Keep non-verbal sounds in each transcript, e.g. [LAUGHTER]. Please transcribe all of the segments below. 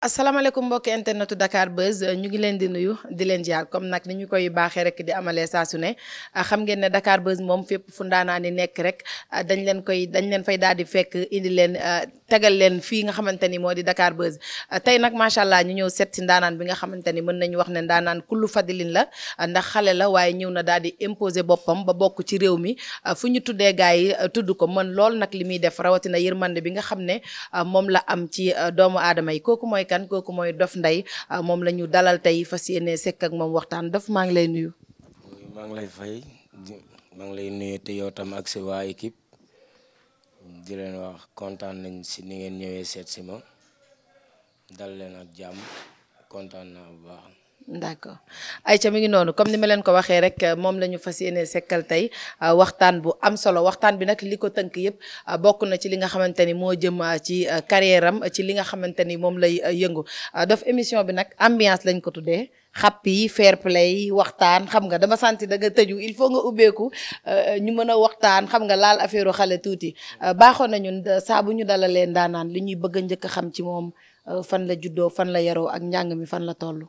asalaamaaleykum mbokk internetu Dakar Buzz ñu ngi leen di nuyu di leen jaar comme nag ni ñu koy baaxee rek di amalee saa su ne xam ngeen ne Dakar Buzz moom fépp fu ndaanaa ni nekk rek dañ leen koy dañ leen fay daal di fekk indi leen tegal leen fii nga xamante ni moo di Dakar Buzz tey nag macha allah ñu ñëw seet si bi nga xamante ni mën nañu wax ne ndaanaan kullu fadilin la ndax xale la waaye ñëw na daal di imposer boppam ba bokk ci réew mi fu ñu tuddee gars yi tudd ko mën lool nag li muy def rawatina yërmande bi nga xam ne moom la am ci doomu aadama yi kooku mooy kan kooku mooy Dof Ndeye ah, moom la ñu dalal tey fas yéene sekk ak moom waxtaan Dof maa ngi lay nuyu. maa ngi lay fay maa ngi lay nuyu te yow tam ak si waa équipe di leen wax kontaan nañ si ni ngeen ñëwee seet si ma dal ak jàmm kontaan naa bu baax. d' accord Aïcha mi ngi noonu comme ni ma leen ko waxee rek moom lañu fa fas sekkal tey euh, waxtaan bu am solo waxtaan bi nag li ko tënk yëpp euh, bokk na ci li nga xamante ni moo jëm euh, ci carrière ci li nga xamante ni moom lay yëngu dof émission bi nag ambiance lañ ko tuddee xàppi fair play waxtaan xam nga dama santi da nga tëju il faut nga ubbeeku ñu mën a waxtaan xam nga laal affaire xale tuuti baaxoon nañu ñun saa bu ñu dalalee ndaanaan li ñuy bëgg a njëkk a xam ci moom fan la juddoo fan la yaroo ak njàng mi fan la toll.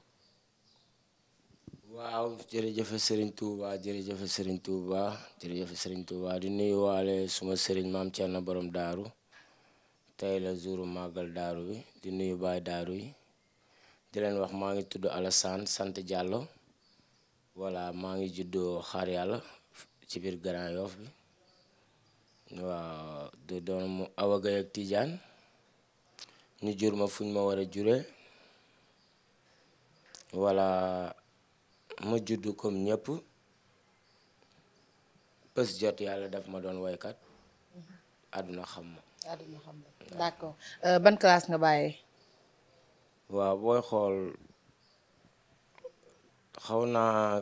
waaw jërëjëf Serigne Touba jërëjëf Serigne Touba jërëjëf Serigne Touba di nuyu waale suma Serigne maam Thierno borom daaru tey la jouru màggal daaru bi di nuyu baay daaru yi di leen wax maa ngi tudd Alassane sant Diallo voilà maa ngi juddoo xaar yàlla ci biir Grand Yoff bi waaw du doon mu Awa Gaye ak Tidiane ñu jur ma fuñ ma war a juree voilà ma juddu comme ñëpp bés jot yàlla def ma doon woykat àdduna xam ma. àdduna xam ma d'accord euh, ban classe nga bàyyee. waaw booy xool xaw naa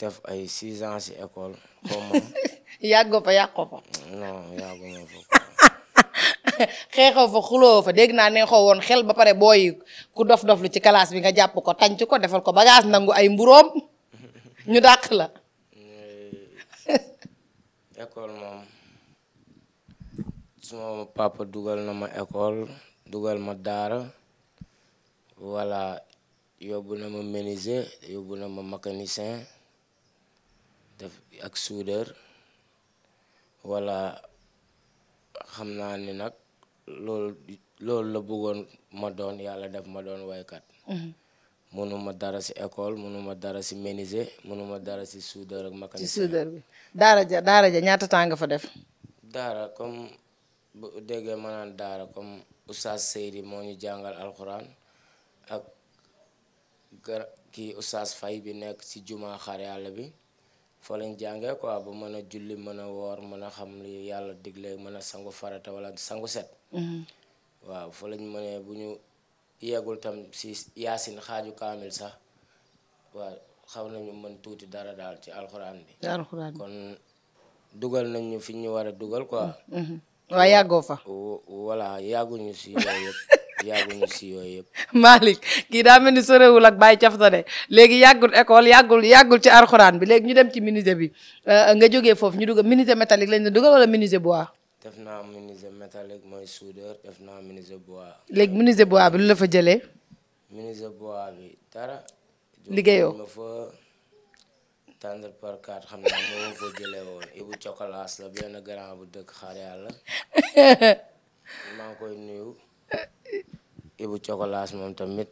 def ay six ans ci école xaw ma. [LAUGHS] yàggoo fa yàqoo fa. non yàggoo ma fa. [LAUGHS] xeexoo fa xuloo fa dégg naa neexoo woon xel ba pare booy ku dof-dof lu ci classe bi nga jàpp ko tànc ko defal ko bagaas nangu ay mburoom. ñu dàq la. ekool [LAUGHS] moom suma papa dugal na ma école dugal ma daara voilà yóbbu na ma menuisier yóbbu na ma mécanicien def ak soudeur voilà xam naa ni nag loolu la bëggoon ma doon yàlla def ma doon waykat. Mhm. mënuma dara si école mënuma dara si menuisier mënuma dara si soudeur ak mécanicien. si soudeur bi daara ja daara ja ñaata temps fa def. daara comme bu déggee ma naan daara comme Oustaz Seydi moo ñu jàngal alxuraan ak gar kii Oustaz fay bi nekk ci juma xar yàlla bi fa lañ jàngee quoi ba mën a julli mën a woor mën a xam li yàlla digle mën a sangu farata wala sangu set. Mhm. waaw fa lañ mënee bu ñu yeegul tam si yaasin xaaju kaamil sax waa xaw nañu mën tuuti dara daal ci alxuraan bi kon dugal nañu fi ñu war a dugal quoi mm-hmm. mm-hmm. waa yàggoo fa voilà yàgguñu si yooyu yëpp [LAUGHS] yàgguñu si yooyu yëpp Malick kii daa mel ni sorewul ak Baye Cafta de léegi yàggul ecole yàggul yàggul ci alxuraan bi léegi ñu dem ci menuisier bi euh, nga jógee foofu ñu dugal menuisier métallique lañ la dugal wala menuisier bois def naa menuisier métallique mooy soudeur def naa menuisier bois. léegi menuisier bois bi lu la fa bois bi dara. liggéeyoo ma fa tendre xam naa moo fa jëlee grand bu dëkk xaar yàlla [LAUGHS] maa ngi koy nuyu Ibu Cokolaas moom tamit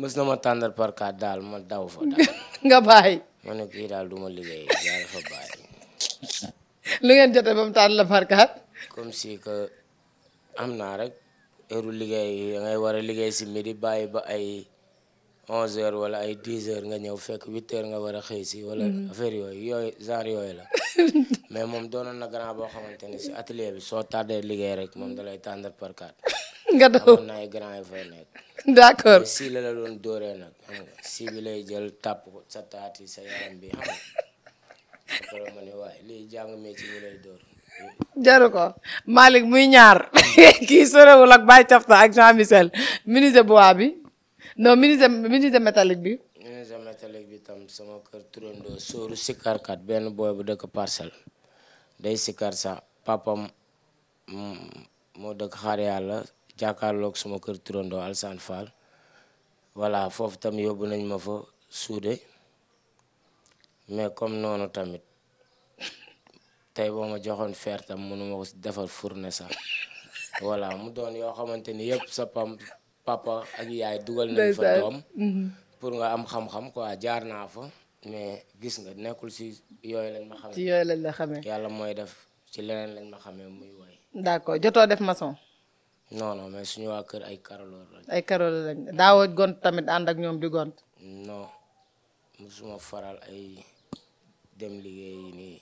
mës na ma tendre par quatre daal ma daw fa daal. [LAUGHS] nga bàyyi. ma ne kii daal du liggéey daal fa bàyyi. lu ngeen jotee ba mu tànn la farkaat. comme si que am naa rek heure liggéey da ngay war a liggéey si midi bàyyi ba ay 11h wala ay 10h nga ñëw fekk 8h nga war a xëy si. wala mm-hmm. affaire yooyu yooyu genre yooyu la. [LAUGHS] mais moom doonoon na grand boo xamante ne si atelier bi soo tardee liggéey rek moom da lay tàndal parkaat. [LAUGHS] nga daw amoon grand yu fay nekk. d'accord si la la doon dóoree nag si bi lay jël tàpp ko sa taat sa yaram xam loolu jàng métier ñu lay door. jaru ko Malick muy ñaar [LAUGHS] kii sorewul ak Baye Cafta ak Jean Michel menuisier bois bi non menuisier menuisier bi. menuisier métallique bi tam sama kër turandoo sóoru sikarkat benn booy bu dëkk parcelle day sikar sa papam mm, moo dëkk xaar yàlla jàkkaarloog sama kër turandoo Alsane Fall voilà foofu tam yóbbu nañ ma fa suude. mais comme noonu tamit tey boo ma joxoon fer tam mënuma ko defar fourne sax voilà mu doon yoo xamante ni yëpp sa pam ak yaay dugal nañ fa doom mhm. am xam-xam jaar naa fa mais gis nga nekkul si yooyu lañ ma xamee. yàlla mooy def ci leneen lañ ma xamee muy woy. d'accord jotoo def maçon. non non mais suñu waa kër ay karoloor lañ. ay karoloor gont tamit ànd ak ñoom di gont. non musuma faral ay. dem liggéeyi nii.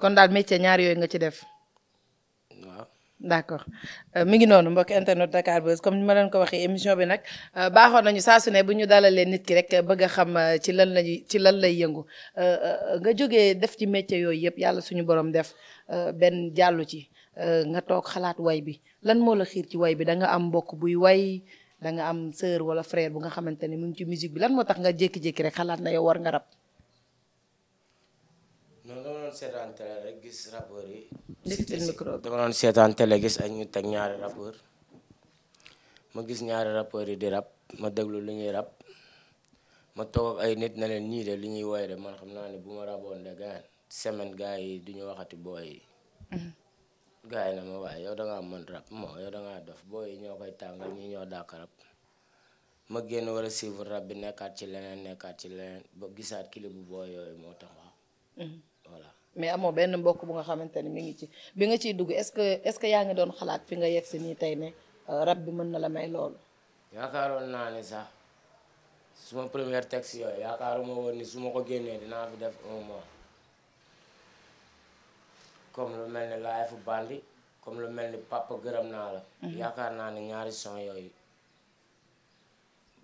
kon daal métier ñaar yooyu nga ci def. waaw. d' accord euh, mi ngi noonu mbokk internet Dakar Buzz comme ni ma leen ko waxee émission bi nag euh, baaxoon nañu saa su ne bu ñu dalalee nit ki rek bëgg a xam euh, ci lan lañuy ci lan lay yëngu nga jóge def ci métier yooyu yëpp yàlla suñu borom def benn jàllu ci nga toog xalaat way bi lan moo la xiir ci way bi danga am mbokk buy way da nga am sœur wala frère bu nga xamante ne mu ngi ci musique bi lan moo tax nga jékki-jékki rek xalaat na yow war nga rab. non dama seetaan télé rek gis rappeurs yi. dégg micro dama doon seetaan télé gis ak ñu teg ñaari rappeurs ma gis ñaari rappeurs yi di rap ma déglu lu ñuy rap ma toog ay nit na leen ñii de li ñuy woy de man xam naa ne bu ma raboon de gaan semaine gars yi du ñu waxati booy yi. Mm-hmm. gaa yi na ma waaye yow da ngaa mën rap moo yow da dof booy yi ñoo koy tàngal ñii ñoo dàq rap. ma génn war a suivre rap bi nekkaat ci leneen nekkaat ci leneen ba gisaat clip bu booy yooyu moo tax mais amoo benn mbokk bu nga xamante ni mi ngi ci bi nga ciy dugg est-ce que est-ce que yaa ngi doon xalaat fi nga yegg si nii tey ne euh, rab bi mën na la may loolu. yaakaaroon naa ne sax suma première texte yooyu yaakaaruma woon ni su ma ko génnee dinaa fi def un mois comme lu mel ni laay fu bandi comme lu mel ni papa gërëm naa la. Mhm. yaakaar naa ni ñaari son yooyu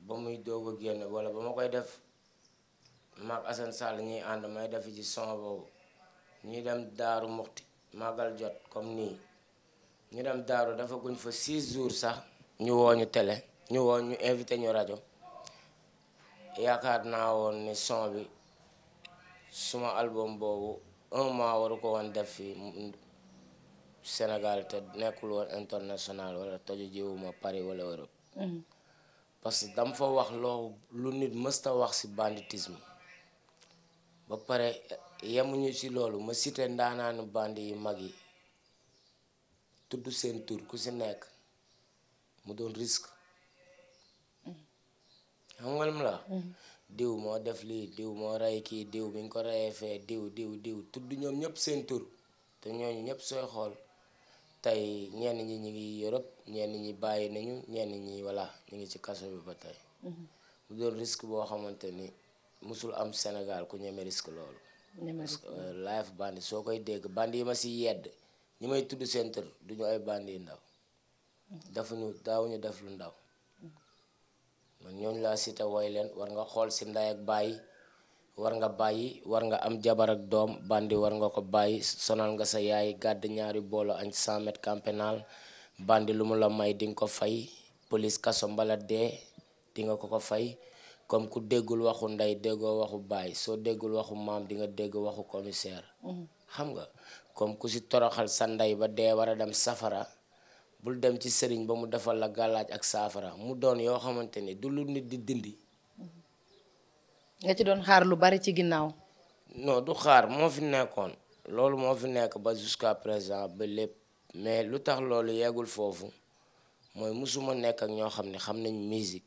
ba muy doog génn wala ba ma koy def maak Assane Sall ñuy ànd may def ci son boobu. ñu dem daaru muxti magal jot comme nii ñu dem daaru dafa guñ fa six jours sax ñu wooñu ñu télé ñu woo ñu invité ñu rajo yaakaar naa woon ni son bi suma album boobu un mois waru ko woon def fi Sénégal te nekkul woon international wala toju jiwuma Paris wala Europe mm-hmm. parce que dama fa wax loo lu nit mësta wax si banditisme ba pare yemuñu ci loolu ma cité ndaanaanu band yi mag yi tudd seen tur ku ci nekk mu doon risk xam nga la mm-hmm. diw moo def lii diw moo rey kii diw bi ñu ko reyee fee diw diw diw tudd ñoom ñëpp seen tur te ñooñu ñëpp sooy xool tey ñenn ñi ñu ngi Europe ñenn ñi bàyyi nañu ñenn ñi voilà ñu ngi ci kaso bi ba tey mm-hmm. mu doon risque boo xamante ni mësul am senegal ku ñeme risque loolu parce que euh, live bandi soo koy dégg bandi yi ma si yedd ñu may tudd seen tër du ay bandi yu ndaw mm-hmm. dafuñu daawuñu def lu ndaw man ñooñu laa cité woy leen war nga xool si nday ak bàyyi war nga bàyyi war nga am jabar ak doom bandi war nga ko bàyyi sonal nga sa yaay gàdd ñaari boolo añ 100 mètres camp bandi lu mu la may di nga ko fay police kaso mbala dee di nga ko ko fay comme ku déggul waxu ndey déggoo waxu baay soo déggul waxu maam di nga dégg waxu commissaire. Mhm. xam nga comme ku si toroxal sa ndey ba dee war a dem safara bul dem ci sëriñ ba mu defal la gàllaaj ak saafara mu doon yoo xamante ni du lu nit di dindi. Mhm. nga ci doon xaar lu bari ci ginnaaw. non du xaar moo fi nekkoon loolu moo fi nekk ba jusqu'à présent ba lépp mais lu tax loolu yeggul foofu mooy musuma nekk ak ñoo xam ne xam nañ musique.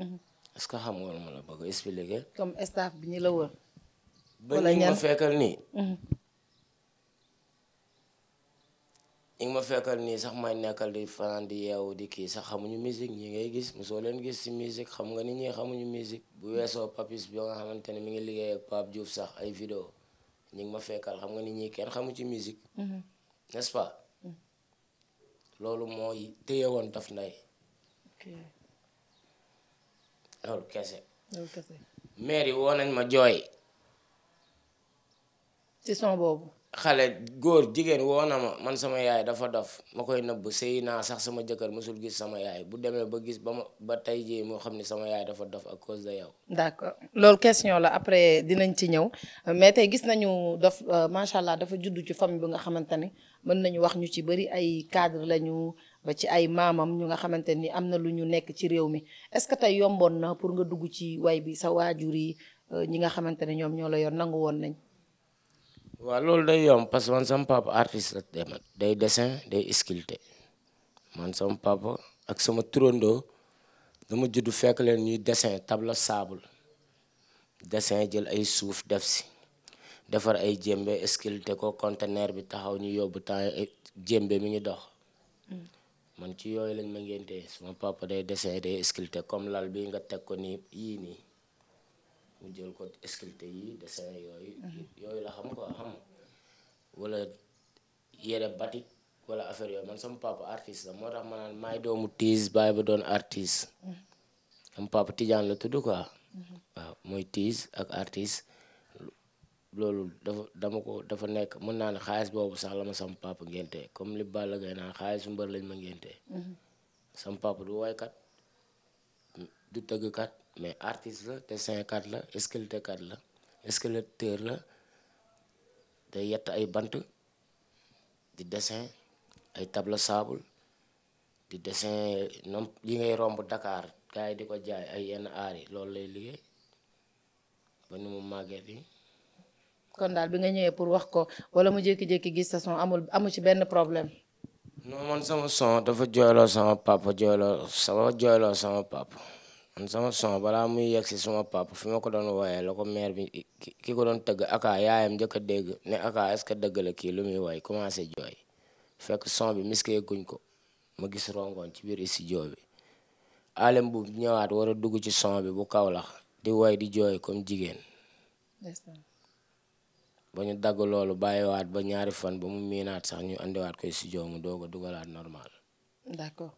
est ce que xam nga ma la bëgg expliquer. comme staff bi ñu la wër. wala ñan ba mhm. ñu ma fekkal nii. ñi nga ma fekkal sax may nekkal di fanaan di yeewu di kii sax xamuñu musique ñi ngay gis soo leen gis ci musique xam nga nit ñi xamuñu musique bu weesoo papis bi nga xamante ne mi ngi liggéey ak Pape sax ay vidéo ñi ma fekkal xam nga nit ñi kenn xamu ci musique mhm. n'est-ce mhm. loolu mooy téye woon daf nday loolu kese. loolu kese maire yi woo nañ ma jooy. ci son boobu. xale góor jigéen woo na ma man sama yaay dafa dof ma koy nëbb sëy naa sax sama jëkkër mosul gis sama yaay bu demee ba gis ba ma ba tey jee moo xam ne sama yaay dafa dof à cause de yow. d'accord loolu question la après dinañ ci ñëw mais tey gis nañu dof euh, macha allah dafa juddu ci famille bi nga xamante ne mën nañu wax ñu ci bëri ay cadre lañu. ba ci ay maamam ñu nga xamante ni am na lu ñu nekk ci réew mi est-ce que tey yomboon na pour nga dugg ci way bi sa waajur yi euh, ñi nga xamante ne ñoom ñoo la yor nangu woon nañ. waaw loolu day yomb parce que man sama papa artiste la demat day dessin day sculpté man sama ak sama turandoo dama judd fekk leen ñuy dessin tableau saabul dessin jël ay suuf def si defar ay jéembe sculpté ko conteneur bi taxaw ñu yóbbu temps eh, jëmbe mu ngi dox. Mm. man ci yooyu lañ ma ngénte suma papa day dessin day sculpté comme lal bi nga teg ko nii yii nii mu jël ko sculpté yi dessin yooyu mhm. yooyu la xam quoi xam wala yére batik wala affaire yooyu man sama papa artiste la moo tax ma naan maay doomu tiis bàyyi ba doon artiste mhm. sama papa tijaan la tudd quoi mhm. waaw mooy tiis ak artiste loolu dafa dama ko dafa nekk mën naa ne xaalis boobu sax la ma sama papa ngénte comme li Balla Gaye naan xaalisu mbër lañ ma ngénte mhm. sama papa du woykat du tëggkat mais artiste la dessinkat la sculptekat la sculpteur la day yett ay bant di dessin ay table sable di dessin nom li ngay romb Dakar gars yi di ko jaay ay yenn aar yi loolu lay liggéey ba nu mu màgget yi kon bi nga ñëwee pour wax ko wala mu jékki-jékki gis sa son amul ci benn problème. non man sama dafa jooyloo sama papa jooyloo sama jooyloo sama papa man son balaa muy yegg si sama papa fi ma ko doon wooyee la ko mère ki ko doon tëgg aka yaayam njëkk a ne aka est-ce dëgg la kii lu muy woy commencé jooy fekk son bi miskee guñ ko ma gis rongoon ci biir studio bi alem bu ñëwaat war a dugg ci son bi bu kaw lax di woy di jooy comme jigéen. ba ñu dagg loolu bàyyiwaat ba ñaari fan ba mu miinaat sax ñu andiwaat koy studio mu doo a dugalaat normal. d'accord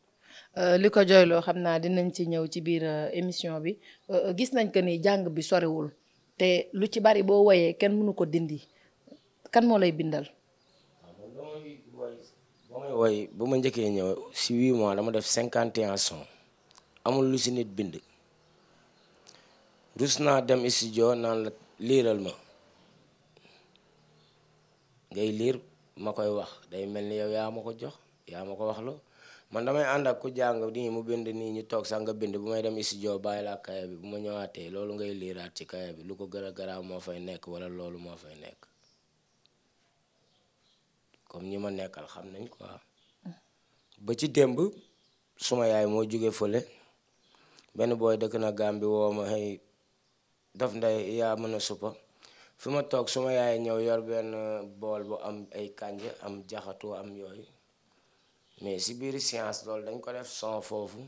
euh, li ko jooyloo xam naa dinañ ci ñëw ci biir euh, émission bi euh, gis nañ ko ni jàng bi sorewul te lu ci bari boo woyee kenn mënu ko dindi kan moo lay bindal. ba ah, may woy ba ma njëkkee ñëw si huit mois dama def cinquante et amul lu si nit bind. rus naa dem studio naan la liiral ma. ngay liir ma koy wax day mel ni yow yaa ma ko jox yaa ma ko wax lu man damay ànd ak ku jàng nii mu bind nii ñu toog sax nga bind bu may dem studio bàyyi laa kaya bi bu ma ñëwaatee loolu ngay liiraat ci kaya bi lu ko gën a garaaw moo fay nekk wala loolu moo fay nekk kom ñi ma nekkal xam nañ quoi. Ah. ba ci démb suma yaay moo jóge fële benn booy dëkk na Gàmbi woo ma hey daf nday yaa mën a suppa fi ma toog suma yaay ñëw yor benn bool bu am ay kànj am jaxatu am yooyu mais si biir science loolu dañ ko def son foofu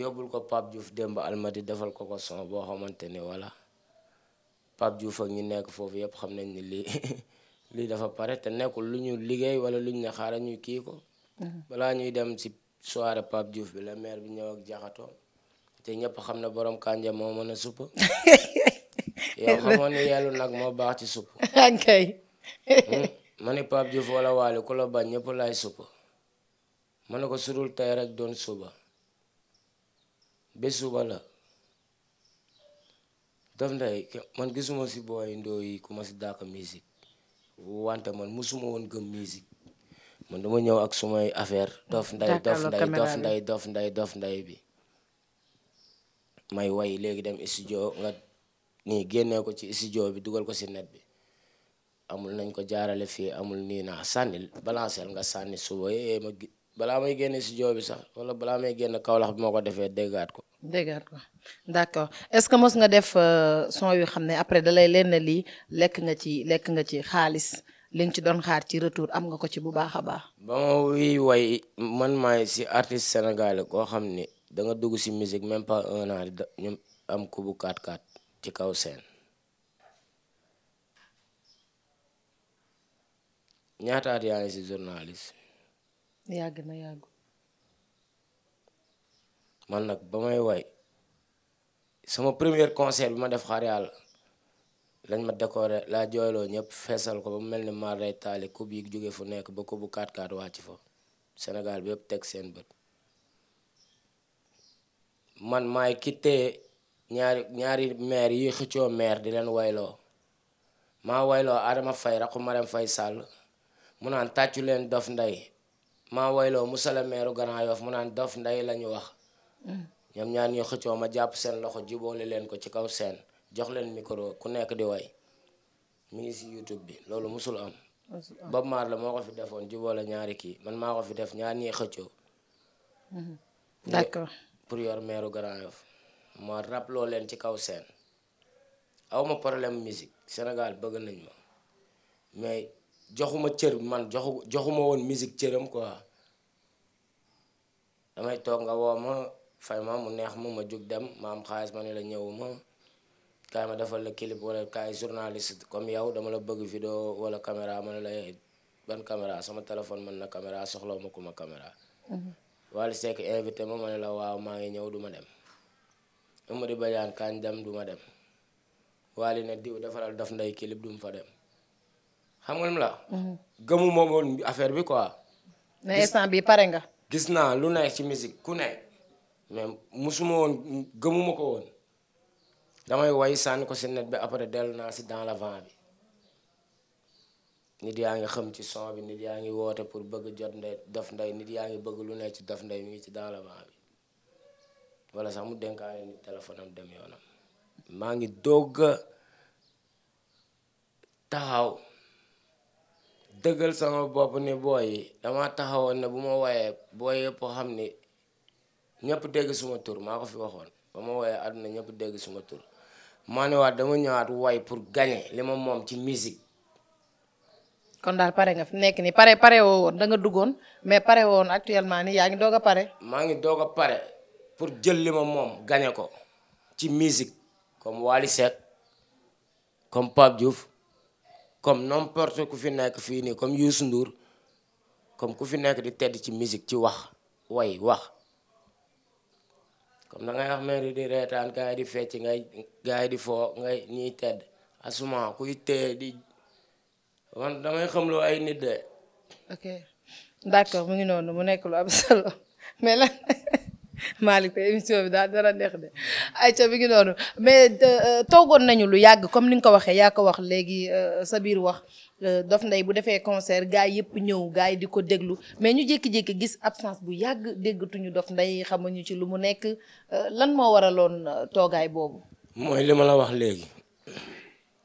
yóbbul ko Pape Diouf démb almadi defal ko ko son boo xamante ni wala Pape Diouf ak ñu nekk foofu yëpp xam nañ ni lii [LAUGHS] lii dafa pare te nekkul lu ñu liggéey wala lu ñu ne ñu kii mm-hmm. ñuy dem si soirée Pape bi la maire bi ñëw ak jaxatoo te ñëpp xam ne borom kànja moo mën a suppa [LAUGHS] yow xamoon ni yellu nag moo baax ci supp [LAUGHS] kay hmm? ma ne Pape wala waale ku la bañ ñëpp laay supp ma ne ko sudul tey rek doon suba ba suba la daf nday man gisuma si booy ndoo yi ku ma si dàq musique wante man musuma woon gëm musique man dama ñëw ak sumay affaire dof nday dof nday dof nday bi may way léegi dem studio nii génnee ko ci studio bi dugal ko si net bi amul nañ ko jaarale fii amul nii naa sànni balancel nga sànni suba yee ma balaa may génne studio bi sax wala balaa may génn kawlax bi moo ko defee déggaat ko. déggaat ko d'accord est-ce que mos nga def euh, son yu xam ne après dalay lenn lii lekk nga ci lekk nga ci xaalis li ci doon xaar ci retour am nga ko ci bu baax a baax. ba ma wii way man maay si artiste sénégale koo xam ni danga dugg si musique même pas un an am kubu 4-4. ci kaw seen ñaata yaa ngi si journaliste. yàgg na yàggu. man nag ba may way sama premier concert bi ma def xaar yàlla lañ ma décoré laa jooyloo ñëpp feesal ko ba mu mel ni maar day taali kub yi jóge fu nekk ba kubu 4-4 wàcc fa Sénégal bi yëpp teg seen bët man maay ki ñaari ñaari meer yi xëccoo maire di leen wayloo maa wayloo Adama Faye raqu Marème Faye Sall mu naan tàccu leen dof ndey maa wayloo Moussa la maire Grand mu naan dof ndey lañu wax ñoom ñaar ñoo xëccoo ma jàpp seen loxo jubóole leen ko ci kaw seen jox leen micro ku nekk di way mu ngi si YouTube bi loolu musul am Bob Marley la moo ko fi defoon jubóole ñaari kii man maa ko fi def ñaar ñii xëccoo d'accord pour yor maire Grand ma raploo leen ci kaw seen awma problème musique Sénégal bëgg nañ ma mais joxuma cër man joxu joxuma woon musique cëram quoi damay toog nga woo ma fay ma mu neex ma ma jug dem ma am xaalis ma ne la ñëwuma kaay ma defal la clip wala kaay journaliste comme yow dama la bëgg vidéo wala caméra ma ne la eh, ban caméra sama téléphone mën na caméra soxlaw ma ku ma caméra mhm. Wally Seck invité ma ma ne la waaw maa ngi ñëw duma dem Amady Badiane kañ dem du ma dem Waly ne diw defaral daf ndey clip du fa dem xam nga la. Mhm. gëmu ma woon affaire bi quoi. ne instant bi pare nga. gis naa lu nekk ci musique ku nekk mais musuma woon gëmuma ko woon damay way sànni ko si net bi après dellu naa si dans l'avant bi nit yaa ngi xam ci son bi nit yaa ngi woote pour bëgg jot ndey daf ndey nit yaa ngi bëgg lu nekk ci daf ndey mu ngi ci dans l'avant bi wala sax mu dénkaane ni téléphone am dem yoonam maa ngi doog a taxaw dëggal sama bopp ni booy dama taxawoon ne bu ma wooyee booy yëpp xam ni ñëpp dégg suma tur maa ko fi waxoon àdduna ñëpp dégg suma tur maa ne waat dama ñëwaat woy pour gagner li ma moom ci misik kon daal pare nga nekk nii pare pare woo woon da duggoon mais pare woon actuellement nii yaa ngi doog pare maa ngi doog pare pour jël li ma moom gañe ko ci misik comme wali Seck comme Pape Diouf comme n'importe ku fi nekk fii nii comme Youssou Ndour comme ku fi nekk di tedd ci misik ci wax way wax comme da ngay wax mari di reetaan gars yi di fecc ngay di foo ngay tedd asuma kuy tee di man damay xam loo ay nit de ok mu ngi noonu mu nekk lu am solo [LAUGHS] Malick émission bi daal dara neex de ayca bi ngi noonu mais euh, toogoon nañu lu yàgg comme ni nga ko waxee yaa ko wax léegi euh, sa biir wax euh, Dof ndey bu defee concert gars yëpp ñëw gars yi di ko déglu mais ñu jékki-jékki gis absence bu yàgg déggatuñu Dof Ndeye xamuñu ci lu mu nekk lan moo waraloon toogaay boobu. mooy li ma la wax léegi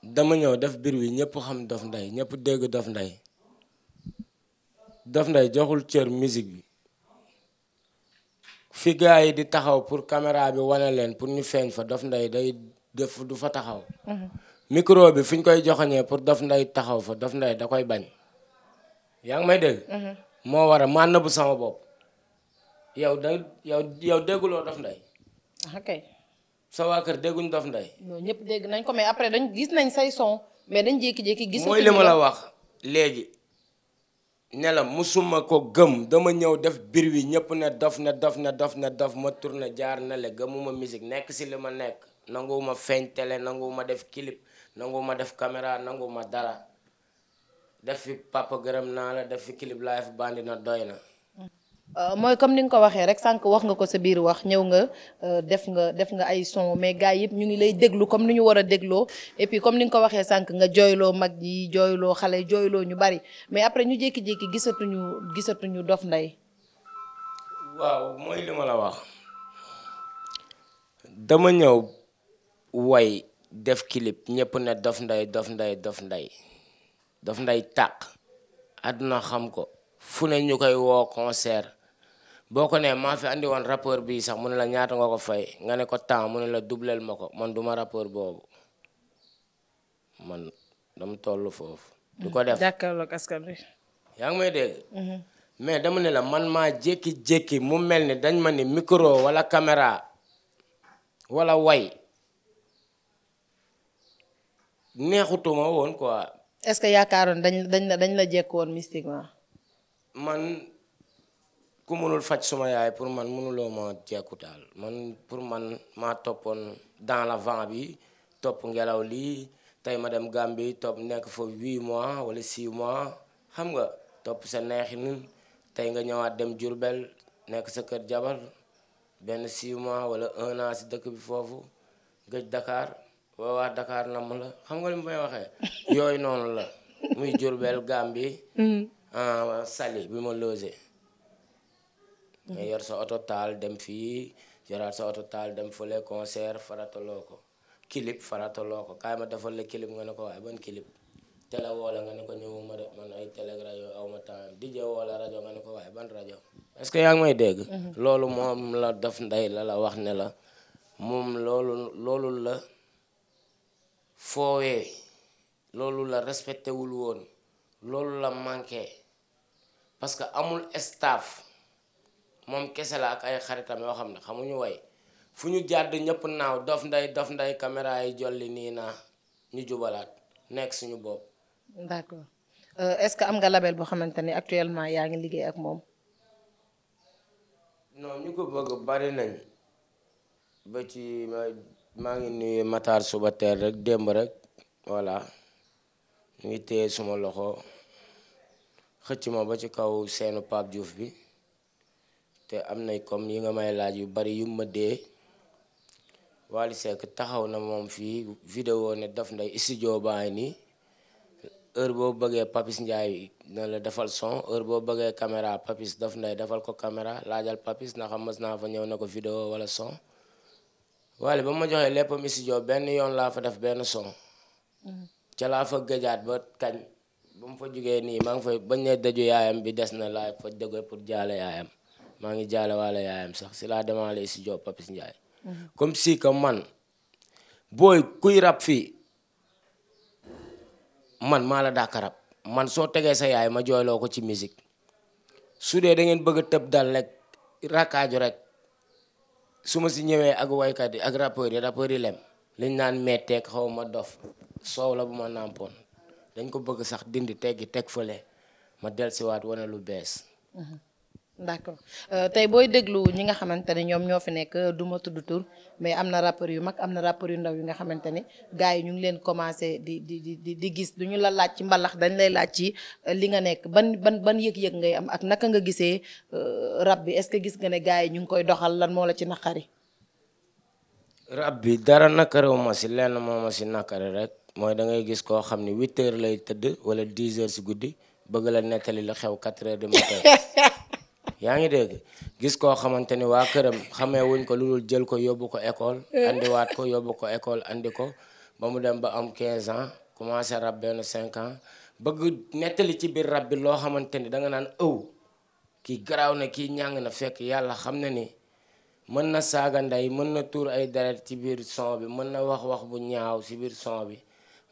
dama ñëw def biir wi ñëpp xam Dof Ndeye ñëpp dégg Dof Ndeye Dof Ndeye joxul cër musique bi. fi gars yi di taxaw pour caméra bi wane leen pour ñu feeñ fa Dof Ndeye day def du fa taxaw. Mhm. micro bi fi ñu koy joxoñee pour Dof Ndeye taxaw fa Dof da koy bañ. yaa ngi may dégg. Mhm. moo waral ma nëbbu sama bopp. yow da yow yow dégguloo Dof Ndeye. ok. sa waa kër dégguñ Dof Ndeye. non ñëpp dégg nañ ko mais après dañ gis nañ say son mais dañ jékki-jékki. gis mooy li la wax léegi. nelaw la musuma ko gëm dama ñëw def bir wi ñëpp ne dof ne dof ne dof ne dof ma tur tourné jaar na le gëmuma musique nekk si li ma nekk ma feeñ nangu ma def clip ma def caméra nanguwuma dara def fi papa gërëm naa la def fi clip live bandi na doy na Euh, mooy comme ni nga ko waxee rek sànq wax nga ko sa biir wax ñëw nga euh, def nga def nga ay son mais gars yëpp ñu ngi lay déglu comme ni ñu war a dégloo et comme ni nga ko waxee sànq nga jooyloo mag yi jooyloo xale jooyloo ñu bari mais après ñu jékki-jékki gisatuñu gisatuñu Dof Ndeye mooy li wax dama ñëw way def clip ñëpp ne Dof Ndeye Dof Ndeye Dof Ndeye Dof Ndeye tàq àdduna xam ko fu ne ñu koy woo concert boo ko nee maa fi andi woon rapport bii sax mu ne la ñaata nga ko fay nga ne ko temps mu ne la dubleel ma ko man duma rapport boobu man dama toll foofu. du ko def jàkkaarloog askan bi. yaa ngi may dégg. Mhm. dama ne la man maa jékki-jékki mu mel ni dañ ma ni micro wala caméra wala way neexutuma woon quoi. est-ce que yaakaaroon dañ dañ dañ la jékki woon ku mënul faj suma yaay pour man mënuloo ma jekkutaal man pour man ma toppoon dans la vent bi topp ngelaw lii tey ma dem Gambie topp nekk fa huit mois wala six mois xam nga topp sa neex nun tey nga ñëwaat dem Jurbel nekk sa kër jabar benn six mois wala un an si dëkk bi foofu gëj Dakar waa waa Dakar namm la xam nga li may waxee [LAUGHS] yooyu noonu la muy Jurbel Gambie mm. ah, sali bi ma logé Mhm. nga yor sa oto taal dem fii yoraat sa oto taal dem fële concert farataloo ko clip farataloo ko kaay ma defal la clip nga ne ko waaye ban clip télé woo nga ne ko ñëwuma de man ay télé rajo aw temps DJ woo rajo nga ne ko waaye ban rajo est que yaa ngi may dégg mhm. loolu moom la def ndey la la wax ne la moom loolu la foowee loolu la respecté woon loolu la manqué parce que amul staff moom kese la ak ay xaritam yoo xam ne xamuñu way fu ñu jàdd ñëpp naaw dof nday dof nday caméra yi jolli nii naa ñu jubalaat nekk suñu bopp. d'accord euh, est-ce que am nga label boo xamante ni actuellement yaa ngi liggéey ak moom. non ñu ko bëgg bari nañ ba ci maa ngi nuyu Matar suba teel rek démb rek voilà ñu ngi téye suma loxo xëcc ma ba ci kaw seenu Pape Diouf bi. te am nay comme yi nga may laaj yu bari yu ma dee Wally Seck taxaw na moom fii vidéo ne daf nday studio baa ngi nii heure boo bëggee Papis Ndiaye na la defal son heure boo bëggee caméra Papis daf nday defal ko caméra laajal Papis ndax mës naa fa ñëw na ko vidéo wala son Wally ba ma joxee léppam studio benn yoon laa fa def benn son ca laa fa gëjaat ba kañ ba mu fa jógee nii maa ngi fay bañ ne daju yaayam bi des na laa fa jóge pour jaale yaayam maa ngi jaale waale yaayam sax si laa demaale si job Papis Ndiaye. comme si que man booy kuy rap fii man maa la dàq rap man soo tegee sa yaay ma jooyloo ko ci musique su dee da ngeen bëgg a tëb dal rek rakkaaju rek su ma si ñëwee ak waykat yi ak rappeurs yi rappeurs yi lem liñ naan metteek xaw ma dof soow la bu ma nàmpoon dañ ko bëgg sax dindi teggi teg fële ma dellusiwaat wane lu bees. d'accord euh, tey booy déglu ñi nga xamante ne ñoom ñoo fi nekk du ma tudd mais am na rappeurs yu mag am na rappeurs yu ndaw yu nga xamante ne gars yi ñu ngi leen commencé di di di di gis du ñu la laaj ci mbalax dañ lay laaj ci euh, li nga nekk ban ban ban yëg-yëg ngay am ak naka nga gisee euh, rab bi est-ce que gis nga ne gars yi ñu ngi koy doxal lan moo la ci naqari. rab bi dara nakarewu ma si lenn moo si nakari rek mooy da ngay gis koo xam ni huit heures lay tëdd wala dix heures si guddi bëgg la nettali la xew quatre heures du [LAUGHS] yaa ngi dégg gis koo xamante ni waa këram xamee wuñ ko lu dul jël ko yóbbu ko école indiwaat eh. ko yóbbu ko école andi ko ba mu dem ba am 15 ans commencé rab benn 5 ans bëgg nettali ci biir rab bi loo xamante ni da nga naan ëw kii garaaw na kii ñàng na fekk yàlla xam na ni mën na saaga ndey mën na tuur ay deret ci biir son bi mën na wax wax bu ñaaw ci biir son bi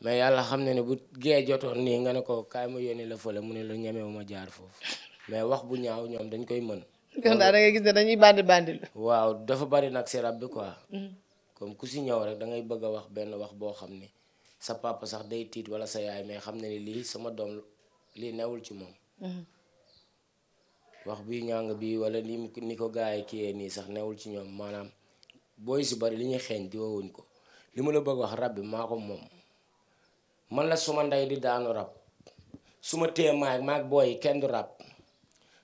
mais yàlla xam na ni bu gee jotoon nii nga ne ko kaay ma yónni la fële mu ne la ñemewu ma jaar foofu mais wax bu ñaaw ñoom dañ koy mën. kon daal da ngay gis ne dañuy bandi bandi la. waaw dafa bari nag si rab bi quoi. Mm-hmm. ku si ñëw rek da bëgg a wax benn wax boo xam ni sa papa sax day tiit wala sa yaay mais xam ne ni lii sama doom lii newul ci moom. Mm-hmm. wax bi ñàng bi wala ni ni ko gars yi kiyee nii sax newul ci ñoom maanaam booy si bari li ñuy xeeñ diwowuñ ko li ma la bëgg wax rab bi maa ko moom man la suma ndey di daanu rab suma téye maag maag booy kenn du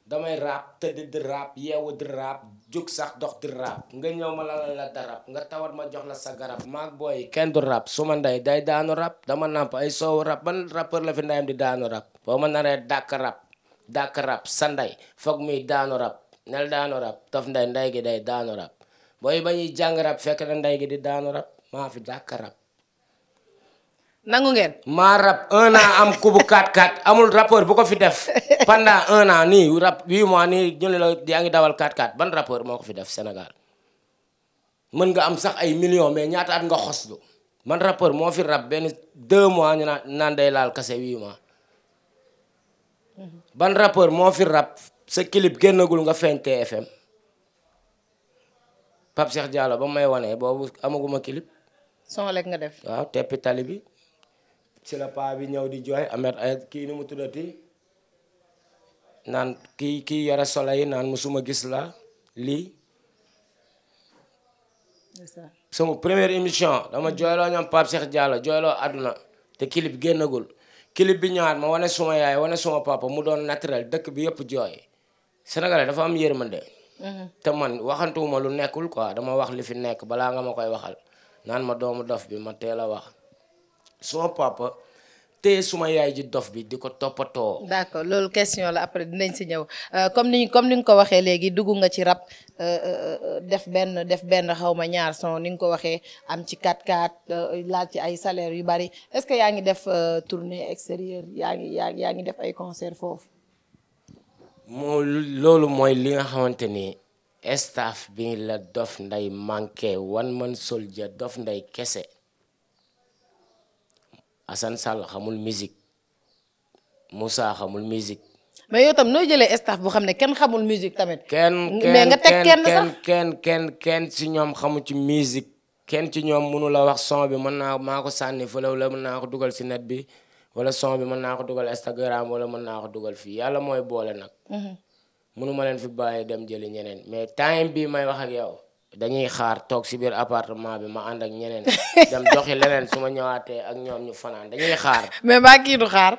damay raap tëdd di raap yeewu di raap jóg sax dox di raap nga ñëw ma lalal la darab nga tawar ma jox la sa garab maag booy kenn du rap su ma ndey day daanu rap dama nàmp ay soowu rap ban rappeur la fi ndeyam di daanu rap boo ma naree dàkk rap dàkk rap sa ndey foog muy daanu rap nel daanu rap daf ndey gi day daanu rap booy ba ñuy jàng rap fekk na ndey gi di daanu rap maa fi dàkk rap nangu ngeen. maa rab un an am kubu 4-4 amul rappeur bu ko fi def pendant un an nii rap mois nii ñu ne la yaa ngi dawal 4-4 ban rappeur moo ko fi def Sénégal mën nga am sax ay million mais ñaataat at nga xoslu man rappeur moo fi rab benn 2 mois ñu naan laal kase 8 mois. ban rappeur moo fi rap sa clip génnagul nga feeñ TFM Pape Cheikh Diallo ba may wanee boobu amaguma clip. son lekk nga def. waaw teppi tali bi. ci la paa bi ñëw di jooy amet ay kii ni mu tuddati naan kii kii yore solo yi naan suma gis la lii sama première émission dama jooyloo ñoom Pape Cheikh Diallo jooyloo àdduna te clip génnagul clip bi ñëwaat ma wane suma yaay wane suma papa mu doon naturel dëkk bi yëpp jooy sénégalais dafa am yërmande mhm. te man waxantuwuma lu nekkul quoi dama wax li fi nekk balaa nga ma koy waxal naan ma doomu dof bi ma teel a wax suma papa te suma yaay ji dof bi di ko toppatoo. d'accord loolu question la après dinañ si ñëw euh, comme ni comme ni nga ko waxee léegi dugg nga ci rap euh, euh, def benn def benn xaw ma ñaar son ni nga ko waxee am ci 4-4 laaj ci ay salaires yu bari est-ce que yaa ngi def tournée extérieure yaa ngi yaa yaa def ay concert foofu. moo loolu mooy li nga xamante ni staff bi la Dof nday manqué wan man soldier Dof nday kese. Assane Sall xamul musique Moussa xamul musique. mais yow tam nooy jëlee staff bu xam ne kenn xamul musique tamit. kenn mais kenn kenn kenn ci ñoom xamu ci musique kenn ci ñoom mënu la wax son bi mën naa maa ko sànni fële la mën naa ko dugal si net bi wala son bi mën naa ko dugal Instagram wala mën naa ko dugal fii yàlla mooy boole nag. Mhm. mënu ma leen fi bàyyi dem jëli ñeneen mais time bi may wax ak yow. dañuy xaar toog si biir apartement bi ma ànd ak ñeneen [LAUGHS] dem doxi leneen su ma ñëwaatee ak ñoom ñu fanaan dañuy xaar. mais maa kii du xaar.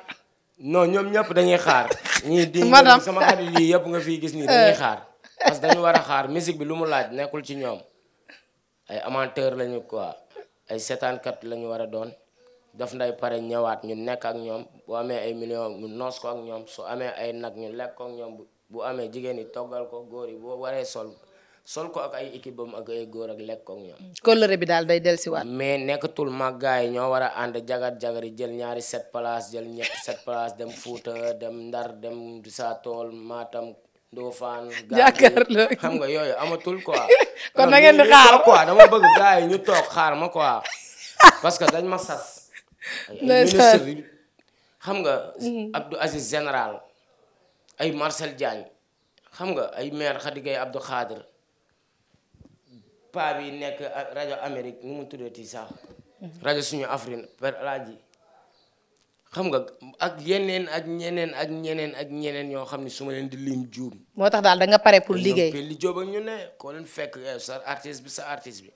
non ñoom ñëpp dañuy xaar. [LAUGHS] ñii di sama xarit yi yëpp nga fiy gis nii dañuy euh. xaar parce que dañu war a xaar musique bi lu mu laaj nekkul ci ñoom ay amateur lañu quoi ay seetaankat la ñu war a doon daf nday pare ñëwaat ñu nekk ak ñoom bu amee ay millions ñu noos ko ak ñoom su amee ay nag ñu lekk ko ak ñoom bu amee jigéen yi toggal ko góor yi boo waree sol. sol ko ak ay équipe ak ay góor ak lekk ak ñoom. kóllëre bi daal day si dellusiwaat. mais nekkatul mag gars yi ñoo war a ànd jagat jagar yi jël ñaari sept place jël ñett sept place dem Fuuta dem Ndar dem saa tool Matam. Ndofane jàkkaarloo xam nga yooyu amatul quoi. [LAUGHS] kon na ngeen ñu xaar ma quoi [LAUGHS] que dañ ma sas. xam nga. Mm-hmm. Abdou Aziz général ay Marcel Diagne xam nga ay maire Khady Gaye Abdou Khadir. paa bi nekk rajo Amérique nu mu tuddati sax rajo suñu Afrique per laaj xam nga ak yeneen ak ñeneen ak ñeneen ak ñeneen ñoo xam ne suma leen di lim juum. moo tax daal da nga pare pour liggéey li jóob ak ñu ne koo leen fekk eh, sa artiste bi sa artiste bi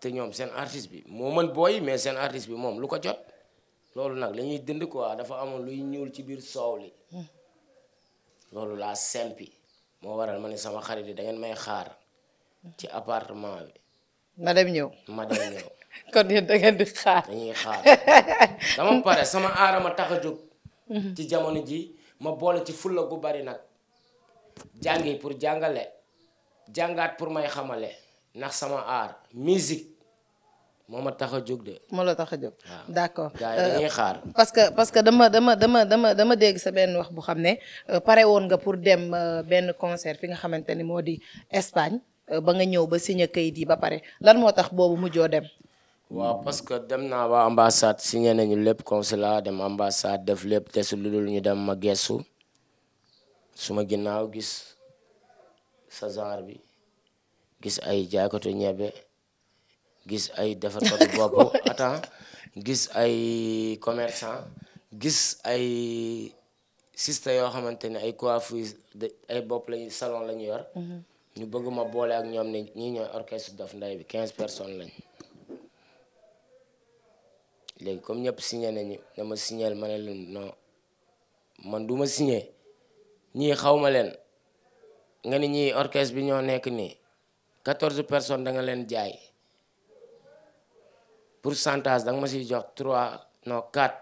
te ñoom seen artiste bi moo mën booy mais seen artiste bi moom lu ko jot loolu nag lañuy ñuy dënd quoi dafa amoon luy ñuul ci biir soow li hmm. loolu laa sempi moo waral ma ne sama xarit yi da ngeen may xaar. ci appartement bi. ma dem ñëw. ma dem ñëw. [LAUGHS] kon yéen da ngeen di xaar. dama pare sama aara ma tax a jóg. Mhm. ci jamono ji ma boole ci fulla gu bari nag jàngi pour jàngale jàngaat pour may xamale ndax sama aar musique moom ma tax a jóg de. moo la tax a jóg d' accord. gars dañuy euh, xaar. parce que parce que dama dama dama dama dama dégg sa benn wax bu xam ne euh, pare woon nga pour dem euh, benn concert fi nga xamante ni moo di Espagne. Euh, ba nga ñëw ba signé kayit yi ba pare lan moo tax boobu mujjoo dem. waaw parce que dem naa waa ambassade signé nañu lépp consulat dem ambassade def lépp te su lu ñu dem ma gestu suma ginnaaw gis sa genre bi gis ay jaaykatu ñebe gis ay defarkatu [LAUGHS] gis ay commerçant gis ay sista yoo xamante ne ay coiffure ay bopp lañu salon la ñu yor. Mhm. ñu bëgguma ma boole ak ñoom ne ñii ñooy orchestre Dof Nday bi quinze personnes lañ léegi comme ñëpp signé nañu na ma signeel ma leen non man duma ma signé ñii xaw ma leen nga ni ñii orchestre bi ñoo nekk nii quatorze personnes da nga leen jaay pour da nga ma siy jox trois non quatre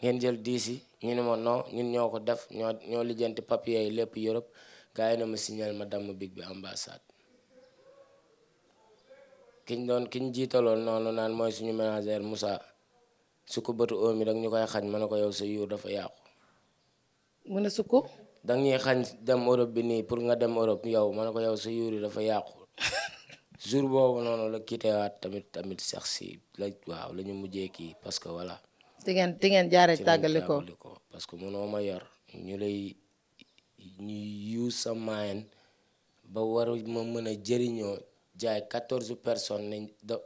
ngeen jël dix yi ñu ne ma non ñun ñoo ko def ñoo ñoo lijjanti papier yi lépp Europe gars yi ne ma signal ma damm big bi ambassade kiñ doon kiñ jiitaloon noonu naan mooy suñu ménagère Moussa su ko bëtu oom yi da ñu koy xañ ma a ko yow sa yuur dafa yàqu. ko. da ñuy xañ dem Europe bi pour nga dem Europe yow ma ne ko yow sa yuur dafa yàqu [LAUGHS] jour boobu noonu la kittewaat tamit tamit sax si la waaw la ñu mujjee kii parce que voilà. di ngeen di ngeen jaaree tàggali ko parce que mënoo ma yor ñu lay. ñu use sa mind ba war ma mën a jëriñoo jaay quatorze personnes nañ def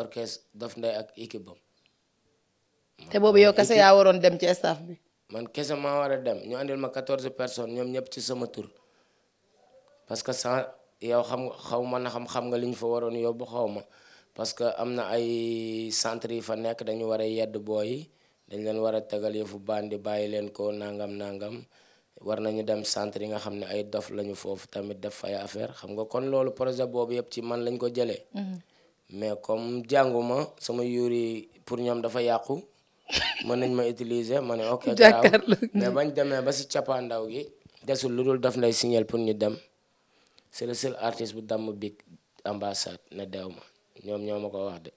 orchestre daf ndey ak équipe te boobu yow kese yaa waroon dem ci staff bi. man kese maa war a dem ñu andil ma quatorze personnes ñoom ñëpp ci sama tur parce que sans yow xam xaw ma na xam xam nga li ñu fa waroon yóbbu xaw ma parce que am na ay centre yi fa nekk dañu war a yedd booy dañ leen war a tegal yëfu bandi bàyyi leen ko nangam nangam. war nañu dem centre yi nga xam ne ay dof lañu foofu tamit def fay affaire xam nga kon loolu projet boobu yëpp ci man lañ ko jëlee. Mhm. mais comme jànguma sama yuri pour ñoom dafa yàqu mën nañ ma utiliser ma ne bañ demee ba si cappaandaw gi. desul lu dul daf nday signal pour ñu dem c'est le seul artiste bu damm big ambassade ne deew ma ñoom ñoo ma ko wax de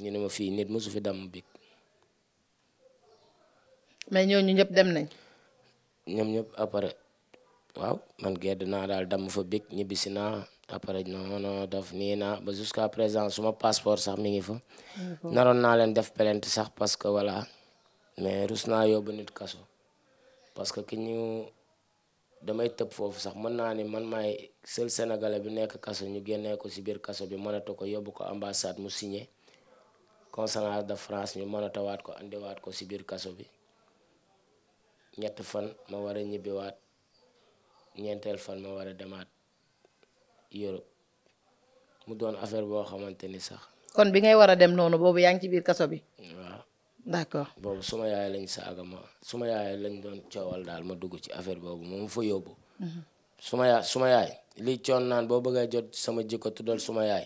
ñu ne ma fii nit mosu fi damm big. mais ñooñu ñëpp dem nañ. ñoom ñëpp après waaw man gedd naa daal dama fa bég ñibbisi naa après non non daf nii naa ba jusqu'à présent suma passeport sax mi ngi fa naroon naa leen def plainte sax parce que voilà mais rus naa yóbbu nit kaso parce que ki ñu damay tëb foofu sax mën naa ni man maay seul sénégalais bi nekk kaso ñu génnee ko si biir kaso bi mënatu ko yóbbu ko ambassade mu signé consulat de France ñu mënatawaat ko andiwaat ko si biir kaso bi ñett fan ma war a ñibbiwaat ñeenteel fan ma war a demaat Europe mu doon affaire boo xamante ni sax. kon bi ngay war a dem noonu boobu yaa ngi ci biir kaso bi. waaw d'accord boobu suma yaay lañ saaga ma suma yaay lañ doon coowal daal ma dugg ci affaire boobu moom fa yóbbu. Mhm. suma yaay suma yaay li coon naan boo bëggee jot sama jikko tuddal suma yaay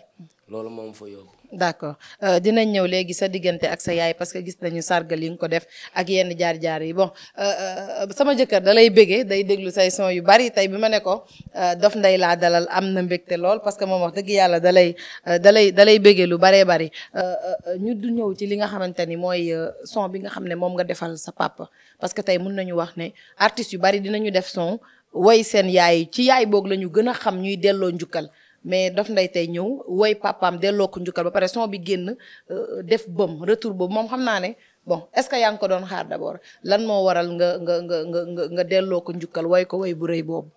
loolu moom fa yóbbu. d'accord euh, dinañ ñëw léegi sa diggante ak sa yaay parce que gis nañu sargal yi nga ko def ak yenn jaar-jaar yi bon euh, euh, sama jëkkër da lay bégee day déglu say son yu bari tey bi ma ne ko Dof Ndeye laa dalal am na mbégte lool parce que moom wax dëgg yàlla dalay dalay da lay lu baree bari. ñu du ñëw ci li nga xamante ni mooy son bi nga xam ne moom nga defal sa papa parce que tey mun nañu wax ne artistes yu bari dinañu def son woy seen yaay ci yaay boog la ñu gën a xam ñuy delloo njukkal. mais daf nday tey ñëw woy papaam delloo ko njukkal ba pare son bi génn euh, def bëm retour boobu moom xam naa ne bon est-ce que yaa ngi ko doon xaar d'abord lan moo waral nga nga nga nga nga delloo ko njukkal woy ko woy bu rëy boobu.